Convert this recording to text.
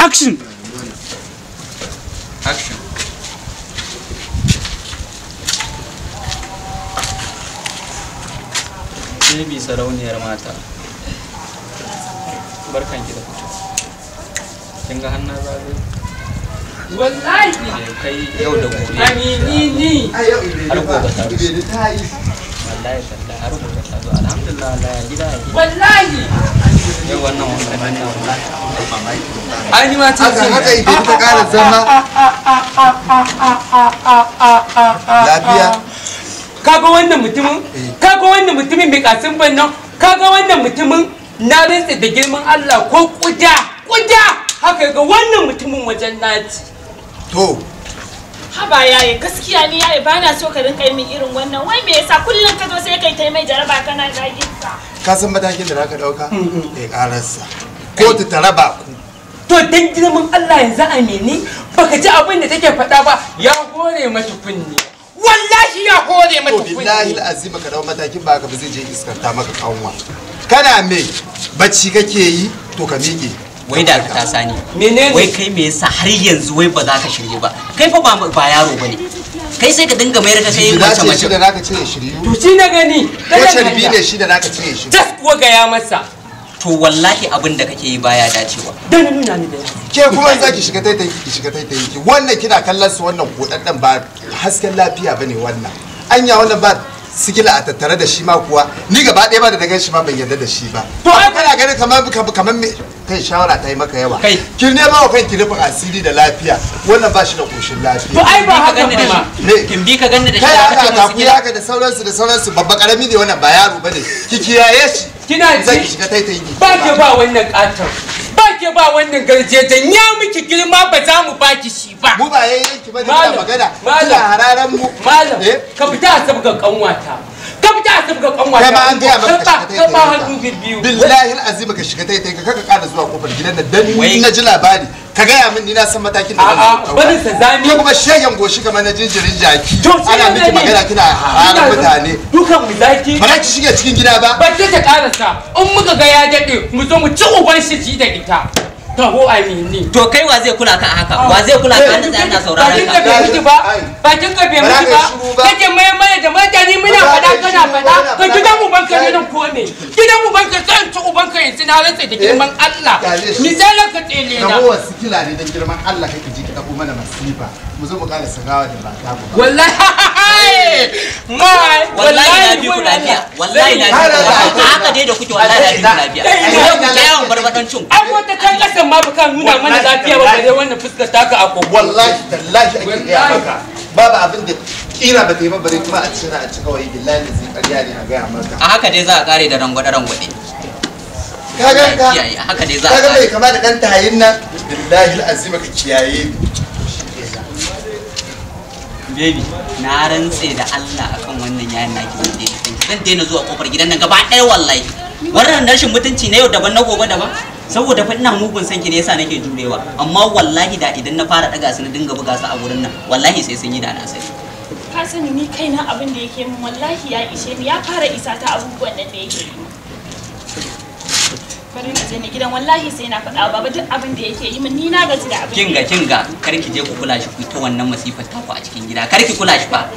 action action Baby sarauniyar mata barkan ki da fito kin ga hannun zabe wallahi kai yau da gobe ni ni ni har gobe wallahi alhamdulillah wallahi yau wannan wannan wallahi ai ni ma ce haka idan ta zama lafiya kaga wannan mutumin eh. kaga wannan mutumin kasin ban nan kaga wannan mutumin na rantsa da girman Allah ko kuda kuda haka ga wannan mutumin wajen naci to haba yaye gaskiya ni yaye ba na so ka rinka yi min irin wannan wai me yasa kullum ka zo sai kai ta mai jaraba kana zagin sa ka san matakin da zaka dauka mm, mm. eh karasa. ko ta taraba ku to dan girman Allah yanzu a mene baka ji abin da take faɗa ba ya gore mata kunni wallahi ya hore mata kunni billahi alazim ka dawo matakin ba ka ba zai je iskar ta maka kanwa kana me bacci kake yi to ka miƙe wai da ta sani wai kai me yasa har yanzu wai ba za ka shirye ba kai fa ba yaro bane kai sai ka dinga mayar ka sai mace mace da zaka ce shirye to shi na gani wace bi ne shi da zaka ce shirye just ko ga ya masa to wallahi abin da kake yi baya dacewa dan nuna ni da ke kuma za ki shiga taitai ki shiga taitai wannan kina kallon su wannan kodaddan ba hasken lafiya bane wannan anya wannan ba sigila a tattare da shi ma kuwa ni gaba ɗaya ba da daga shi ma ban yarda da shi ba to ai kana ganin kamar kamar me kai shawara ta yi maka yawa kai ki nema wa kin rufe asiri da lafiya wannan ba shi da koshin lafiya to ai ba haka ne ma kin bi ka ganni da shi kai haka ta ku haka da sauransu da sauransu babba karami ne wannan ba yaro bane ki kiyaye shi kina ji shiga ba ke ba wannan katon ba ke ba wannan garjejen ya miki girma ba za mu baki shi ba mu ba yayin ki ba da magana malam hararan mu malam eh? ka fita sabga kanwata ka fita sabga kanwata kai ma an ga maka ka ba hannu biyu billahi alazim ka shiga taitayin ka kaka kara zuwa kofar gidan nan dan na ji labari ka gaya min ni na san matakin da ba bari sa zani ko kuma shegen goshi kamar na jinjirin jaki ana miki magana kina harar mutane dukan mu zaki ba ki shige cikin gida ba ba ta karasa in muka ga ya dade mu zo mu ci uban shi ji da ita ta ho ai min ni to kai wa zai kula ka haka wa zai kula ka da ana sauraron ka bakin ka bai miki ba kin ka bai miki ba kake mai mai da mutane mun ina faɗa ka gidan uban ka ne ko me gidan uban ka kan ta uban ka yanzu na rantsa da girman Allah ni zalla ka tsele na rabuwa sikila ne da girman Allah kake ji ka dauko mana masifa mu zo mu ƙara sagawa da ba ta wallahi mai wallahi na bi ku lafiya wallahi na bi ku lafiya haka dai da kuke wallahi na bi ku lafiya yau ku ta yawan barbadancin ku an wata kan kasan ma ba kan nuna mana lafiya ba bare wannan fuskar taka a wallahi tallahi ake iya baka babu abin da kira ba ta yi ba bare kuma a ci na a ci kawai billahi da zai karya ne a gaya maka a haka dai za a kare da rangwade rangwade kaga ka haka dai za a kaga bai kama da dan tayin nan billahi azima ka kiyaye baby na rantse da Allah akan wannan yayin naki zan daina kanki zan daina zuwa kofar gidan nan gaba ɗaya wallahi wannan rashin mutunci na yau daban na gobe daban saboda fa ina mugun sanki ne yasa nake jurewa amma wallahi da idan na fara daga su na dinga buga su a wurin nan wallahi sai sun yi da na sai sani ni kaina abin da yake min wallahi ya ishe ni ya fara isa ta abubuwan nan da yake yi bari na je ni gidan wallahi sai na faɗa baba duk abin da yake yi min ni na gaji da abin kinga kinga kar ki je ku kula shi ku ta wannan masifar ku a cikin gida kar ki kula shi ba